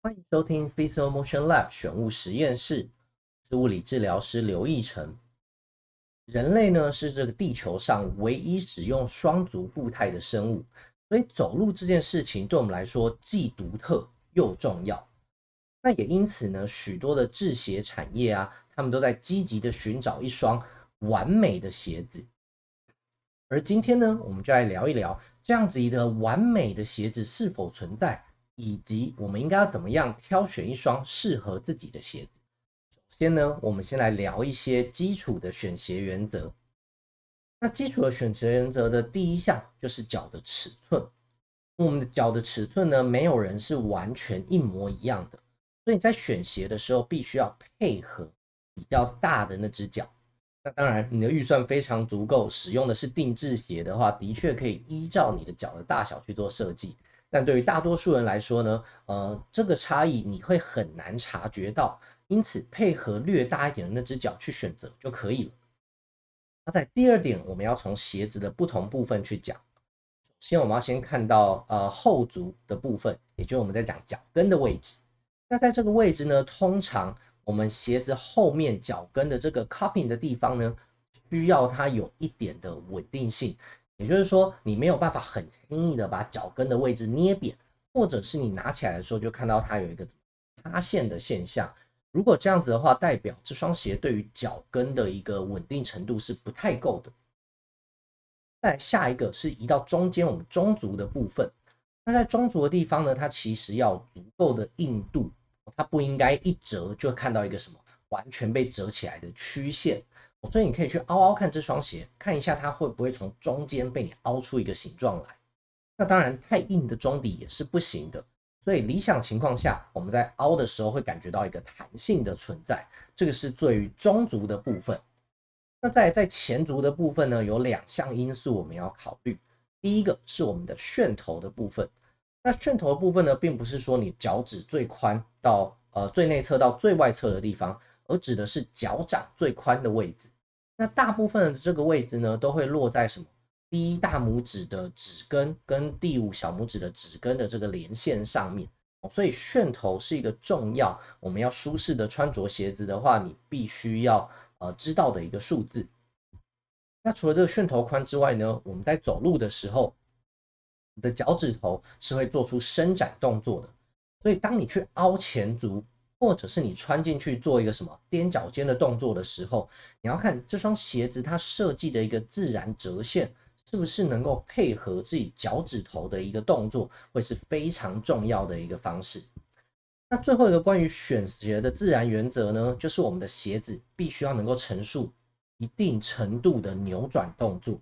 歡迎收聽 Physical Motion Lab 選物實驗室，是物理治療師劉奕成。人類呢是這個地球上唯一使用雙足步態的生物，所以走路這件事情對我們來說既獨特又重要。那也因此呢，許多的制鞋產業啊，他們都在積極地尋找一雙完美的鞋子。而今天呢，我們就來聊一聊這樣子一個完美的鞋子是否存在。以及我們應該要怎麼樣挑選一雙適合自己的鞋子？首先呢，我們先來聊一些基礎的選鞋原則。那基礎的選鞋原則的第一項就是腳的尺寸。我們的腳的尺寸呢，沒有人是完全一模一樣的，所以你在選鞋的時候必須要配合比較大的那隻腳。那當然，你的預算非常足夠，使用的是定製鞋的話，的確可以依照你的腳的大小去做設計。但對於大多數人來說呢，呃，這個差異你會很難察覺到，因此配合略大一點的那隻腳去選擇就可以了。那在第二點，我們要從鞋子的不同部分去講。首先，我們要先看到呃後足的部分，也就是我們在講腳跟的位置。那在這個位置呢，通常我們鞋子後面腳跟的這個 cupping 的地方呢，需要它有一點的穩定性。也就是說，你沒有辦法很輕易的把腳跟的位置捏扁，或者是你拿起來的時候就看到它有一個塌陷的現象。如果這樣子的話，代表這雙鞋對於腳跟的一個穩定程度是不太夠的。再下一個是移到中間，我們中足的部分。那在中足的地方呢，它其實要足夠的硬度，它不應該一折就看到一個什麼完全被折起來的曲線。所以你可以去凹凹看這雙鞋，看一下它會不會從中間被你凹出一個形狀來。那當然，太硬的中底也是不行的。所以理想情況下，我們在凹的時候會感覺到一個彈性的存在，這個是對於中足的部分。那在在前足的部分呢，有兩項因素我們要考慮。第一個是我們的楦頭的部分。那楦頭的部分呢，並不是說你腳趾最寬到，呃，最內側到最外側的地方。而指的是腳掌最寬的位置，那大部分的這個位置呢，都會落在什麼？第一大拇指的指根跟第五小拇指的指根的這個連線上面，所以楦頭是一個重要，我們要舒適的穿着鞋子的話，你必須要呃知道的一個數字。那除了這個楦頭寬之外呢，我們在走路的時候，你的腳趾頭是會做出伸展動作的，所以當你去凹前足。或者是你穿進去做一個什麼踮腳尖的動作的時候，你要看這雙鞋子它設計的一個自然折線是不是能夠配合自己腳趾頭的一個動作，會是非常重要的一個方式。那最後一個關於選鞋的自然原則呢，就是我們的鞋子必須要能夠承受一定程度的扭轉動作。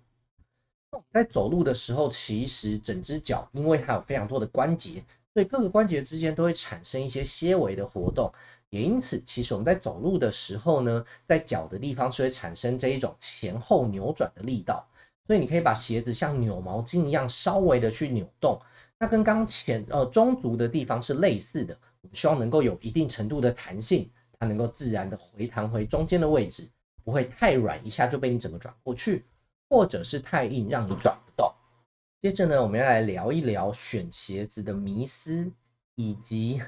那我們在走路的時候，其實整隻腳因為它有非常多的關節。所以各個關節之間都會產生一些些微的活動，也因此，其實我們在走路的時候呢，在腳的地方是會產生這一種前後扭轉的力道。所以你可以把鞋子像扭毛巾一樣稍微的去扭動，那跟剛前呃中足的地方是類似的，我們希望能夠有一定程度的彈性，它能夠自然的回彈回中間的位置，不會太軟一下就被你整個轉過去，或者是太硬讓你轉不動。接着呢，我們要來聊一聊選鞋子的迷思，以及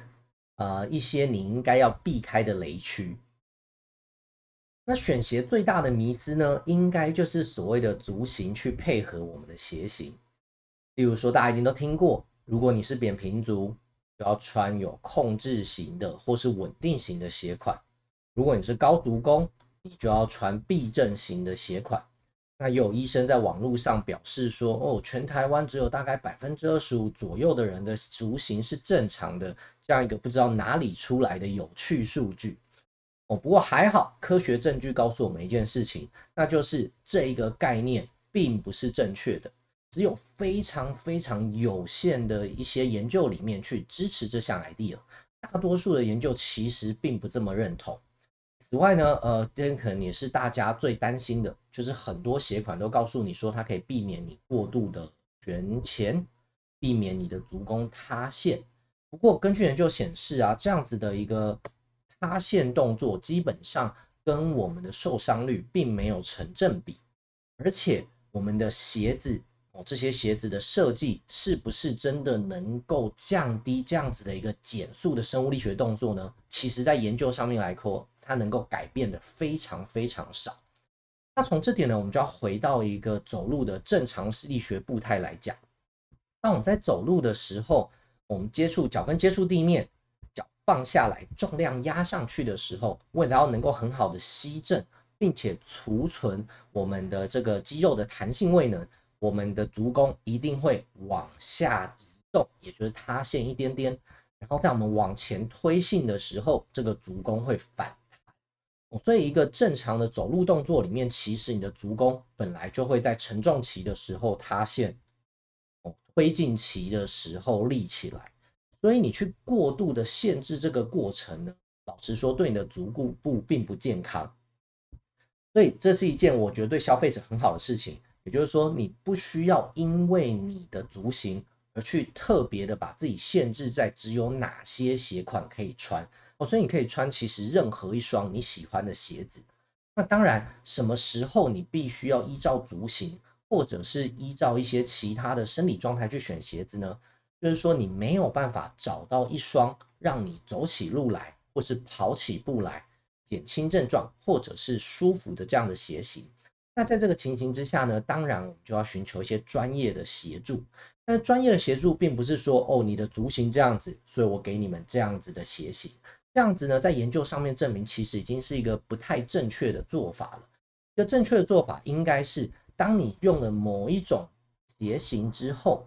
呃一些你應該要避開的雷區。那選鞋最大的迷思呢，應該就是所謂的足型去配合我們的鞋型。例如說，大家一定都聽過，如果你是扁平足，就要穿有控制型的或是穩定型的鞋款；如果你是高足弓，你就要穿避震型的鞋款。那也有醫生在網絡上表示說，哦，全台灣只有大概百分之二十五左右的人的足型是正常的，這樣一個不知道哪裡出來的有趣數據。哦，不過還好，科學證據告訴我們一件事情，那就是這一個概念並不是正確的，只有非常非常有限的一些研究裡面去支持這項 idea，大多數的研究其實並不這麼認同。此外呢，呃，這個可能也是大家最擔心的，就是很多鞋款都告訴你說，它可以避免你過度的旋前，避免你的足弓塌陷。不過，根據研究顯示啊，這樣子的一個塌陷動作，基本上跟我們的受傷率並沒有成正比。而且，我們的鞋子哦，這些鞋子的設計是不是真的能夠降低這樣子的一個減速的生物力學動作呢？其實，在研究上面來說。它能夠改變的非常非常少。那從這點呢，我們就要回到一個走路的正常力學步態來講。當我們在走路的時候，我們接觸腳跟接觸地面，腳放下來，重量壓上去的時候，為了要能夠很好的吸震，並且儲存我們的這個肌肉的彈性位能，我們的足弓一定會往下移動，也就是塌陷一點點。然後在我們往前推進的時候，這個足弓會反。哦、所以，一個正常的走路動作裡面，其實你的足弓本來就會在承重期的時候塌陷，哦，推進期的時候立起來。所以，你去過度的限制這個過程呢，老實說，對你的足弓部並不健康。所以，這是一件我覺得對消費者很好的事情。也就是說，你不需要因為你的足型而去特別的把自己限制在只有哪些鞋款可以穿。哦，所以你可以穿其實任何一雙你喜歡的鞋子。那當然，什麼時候你必須要依照足型，或者是依照一些其他的生理狀態去選鞋子呢？就是說，你沒有辦法找到一雙讓你走起路來，或是跑起步來，減輕症狀，或者是舒服的這樣的鞋型。那在這個情形之下呢，當然我們就要尋求一些專業的協助。但專業的協助並不是說哦，你的足型這樣子，所以我給你們這樣子的鞋型。這樣子呢，在研究上面證明，其實已經是一個不太正確的做法了。一個正確的做法應，應該是當你用了某一種鞋型之後，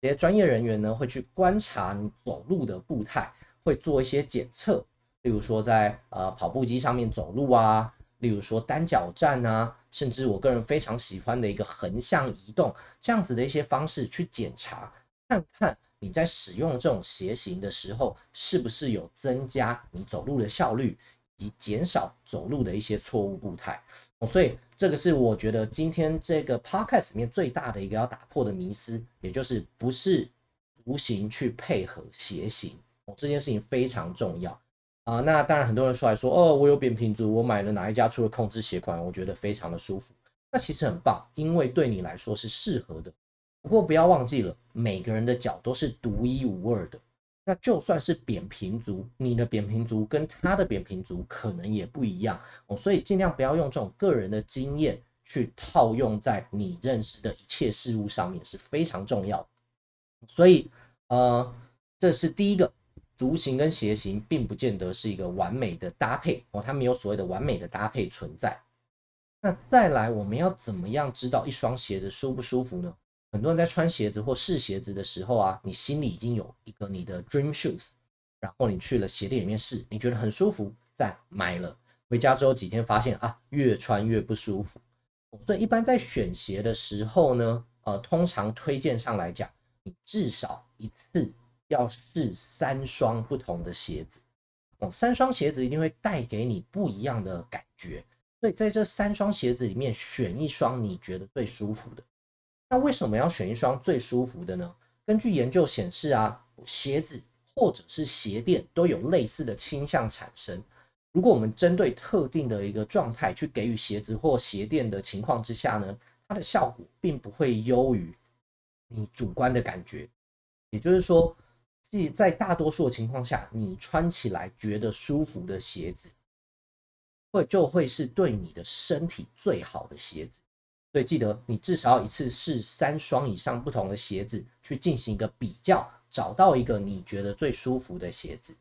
這些專業人員呢，會去觀察你走路的步態，會做一些檢測，例如說在呃跑步機上面走路啊，例如說單腳站啊，甚至我個人非常喜歡的一個橫向移動，這樣子的一些方式去檢查，看看。你在使用這種鞋型的時候，是不是有增加你走路的效率，以及減少走路的一些錯誤步態？哦，所以這個是我覺得今天這個 podcast 裡面最大的一個要打破的迷思，也就是不是足型去配合鞋型，哦，這件事情非常重要啊，呃。那當然，很多人出來說，哦，我有扁平足，我買了哪一家出了控制鞋款，我覺得非常的舒服。那其實很棒，因為對你來說是適合的。不過不要忘記了，每個人的腳都是獨一無二的。那就算是扁平足，你的扁平足跟他的扁平足可能也不一樣，哦。所以盡量不要用這種個人的經驗去套用在你認識的一切事物上面是非常重要的。所以，呃，這是第一個，足型跟鞋型並不見得是一個完美的搭配哦，它沒有所謂的完美的搭配存在。那再來，我們要怎麼樣知道一雙鞋子舒不舒服呢？很多人在穿鞋子或試鞋子的時候啊，你心裡已經有一個你的 dream shoes，然後你去了鞋店裡面試，你覺得很舒服，再買了，回家之後幾天發現啊，越穿越不舒服。所以一般在選鞋的時候呢，呃，通常推薦上來講，你至少一次要試三雙不同的鞋子。哦，三雙鞋子一定會帶給你不一樣的感覺，所以在這三雙鞋子裡面選一雙你覺得最舒服的。那為什麼要選一雙最舒服的呢？根據研究顯示啊，鞋子或者是鞋墊都有類似的傾向產生。如果我們針對特定的一個狀態去給予鞋子或鞋墊的情況之下呢，它的效果並不會優於你主觀的感覺。也就是說，即在大多數的情況下，你穿起來覺得舒服的鞋子，會就會是對你的身體最好的鞋子。所以記得，你至少一次試三雙以上不同的鞋子，去進行一個比較，找到一個你覺得最舒服的鞋子。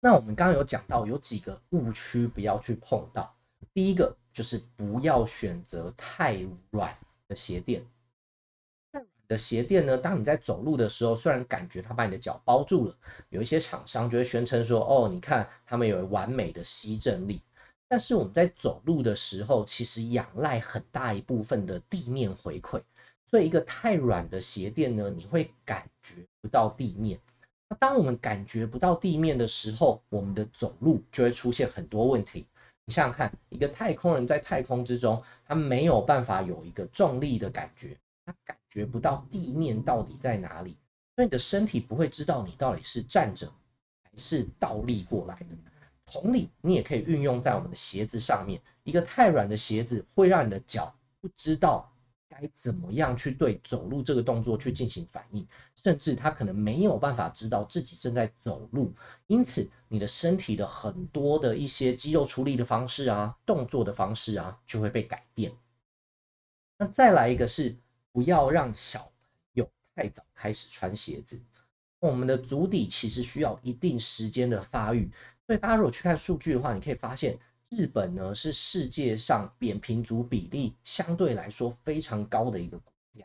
那我們剛剛有講到，有幾個誤區不要去碰到。第一個就是不要選擇太軟的鞋墊。太軟，嗯，的鞋墊呢，當你在走路的時候，雖然感覺它把你的腳包住了，有一些廠商就會宣稱說：“哦，你看，它們有完美的吸震力。”但是我們在走路的時候，其實仰賴很大一部分的地面回饋，所以一個太軟的鞋墊呢，你會感覺不到地面。那當我們感覺不到地面的時候，我們的走路就會出現很多問題。你想想看，一個太空人在太空之中，他沒有辦法有一個重力的感覺，他感覺不到地面到底在哪裡，所以你的身體不會知道你到底是站着還是倒立過來的。同理，你也可以運用在我們的鞋子上面。一個太軟的鞋子會讓你的腳不知道該怎麼樣去對走路這個動作去進行反應，甚至他可能沒有辦法知道自己正在走路。因此，你的身體的很多的一些肌肉處理的方式啊，動作的方式啊，就會被改變。那再來一個是，是不要讓小朋友太早開始穿鞋子。我們的足底其實需要一定時間的發育。所以大家如果去看數據的話，你可以發現日本呢，是世界上扁平足比例相對來說非常高的一個國家。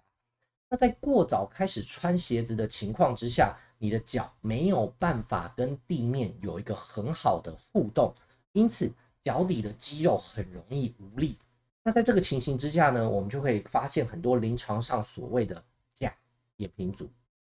那在過早開始穿鞋子的情況之下，你的腳沒有辦法跟地面有一個很好的互動，因此腳底的肌肉很容易無力。那在這個情形之下呢，我們就可以發現很多臨床上所謂的假扁平足。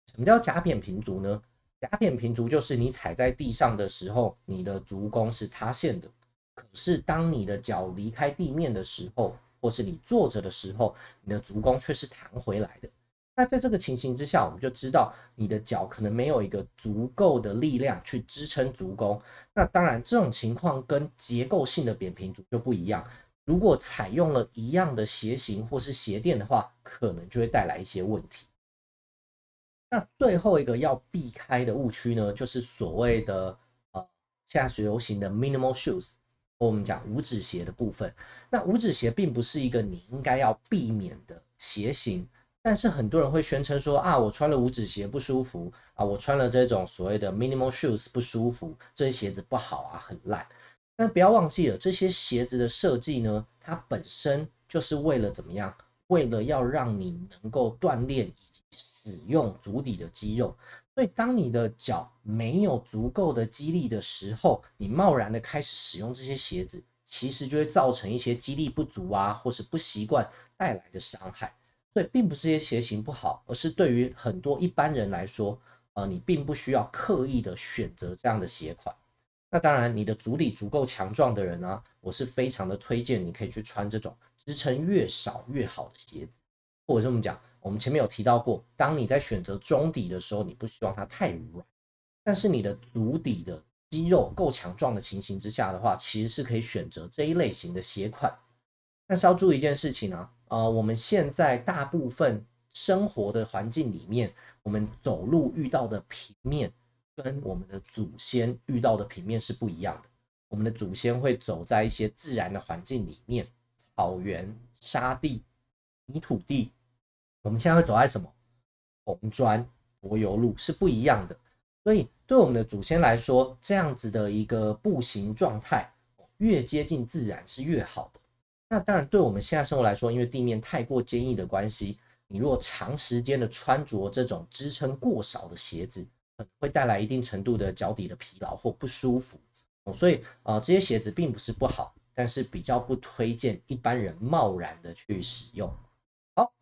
什麼叫假扁平足呢？假扁平足就是你踩在地上的時候，你的足弓是塌陷的。可是當你的腳離開地面的時候，或是你坐着的時候，你的足弓卻是彈回來的。那在這個情形之下，我們就知道你的腳可能沒有一個足夠的力量去支撐足弓。那當然，這種情況跟結構性的扁平足就不一樣。如果採用了一樣的鞋型或是鞋墊的話，可能就會帶來一些問題。那最後一個要避開的誤區呢，就是所謂的呃現在流行的 minimal shoes，我們講五指鞋的部分。那五指鞋並不是一個你應該要避免的鞋型，但是很多人會宣稱說啊，我穿了五指鞋不舒服啊，我穿了這種所謂的 minimal shoes 不舒服，這些鞋子不好啊，很爛。那不要忘記了，這些鞋子的設計呢，它本身就是為了怎麼樣？為了要讓你能夠鍛鍊以及使用足底的肌肉，所以當你的腳沒有足夠的肌力的時候，你貿然的開始使用這些鞋子，其實就會造成一些肌力不足啊，或是不習慣帶來的傷害。所以並不是這些鞋型不好，而是對於很多一般人來說，呃，你並不需要刻意的選擇這樣的鞋款。那當然，你的足底足夠強壯的人呢、啊，我是非常的推薦你可以去穿這種。支撐越少越好的鞋子，或者這麼講，我們前面有提到過，當你在選擇中底的時候，你不希望它太軟，但是你的足底的肌肉夠強壯的情形之下的話，其實是可以選擇這一類型的鞋款。但是要注意一件事情呢、啊，呃，我們現在大部分生活的環境裡面，我們走路遇到的平面跟我們的祖先遇到的平面是不一樣的。我們的祖先會走在一些自然的環境裡面。草原、沙地、泥土地，我們現在會走在什麼？紅磚柏油路是不一樣的。所以對我們的祖先來說，這樣子的一個步行狀態，越接近自然是越好的。那當然，對我們現在生活來說，因為地面太過堅硬的關係，你如果長時間的穿着這種支撐過少的鞋子，可能會帶來一定程度的腳底的疲勞或不舒服。所以啊、呃，這些鞋子並不是不好。但是比較不推薦一般人貿然的去使用。好，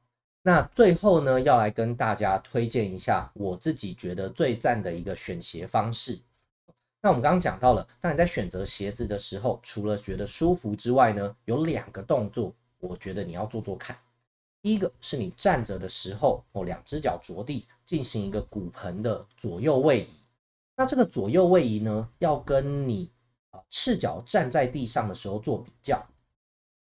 那最後呢，要來跟大家推薦一下我自己覺得最讚的一個選鞋方式。那我們剛剛講到了，當你在選擇鞋子的時候，除了覺得舒服之外呢，有兩個動作，我覺得你要做做看。第一個是你站着的時候，哦，兩隻腳着地，進行一個骨盆的左右位移。那這個左右位移呢，要跟你，赤腳站在地上的時候做比較，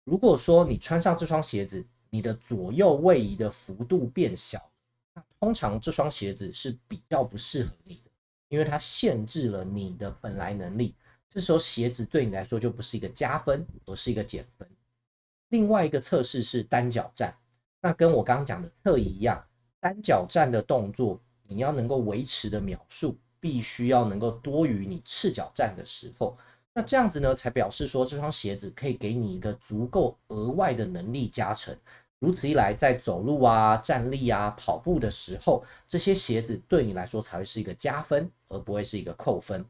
如果說你穿上這雙鞋子，你的左右位移的幅度變小，那通常這雙鞋子是比較不適合你的，因為它限制了你的本來能力。這時候鞋子對你來說就不是一個加分，而是一個減分。另外一個測試是單腳站，那跟我剛剛講的側移一樣，單腳站的動作，你要能夠維持的秒數，必須要能夠多於你赤腳站的時候。那這樣子呢，才表示說這雙鞋子可以給你一個足夠額外的能力加成。如此一來，在走路啊、站立啊、跑步的時候，這些鞋子對你來說才會是一個加分，而不會是一個扣分。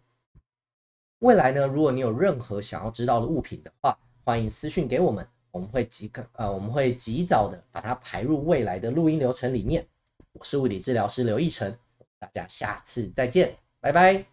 未來呢，如果你有任何想要知道的物品的話，歡迎私訊給我們，我們會及，呃，我們會及早的把它排入未來的錄音流程裡面。我是物理治療師劉義成，大家下次再見，拜拜。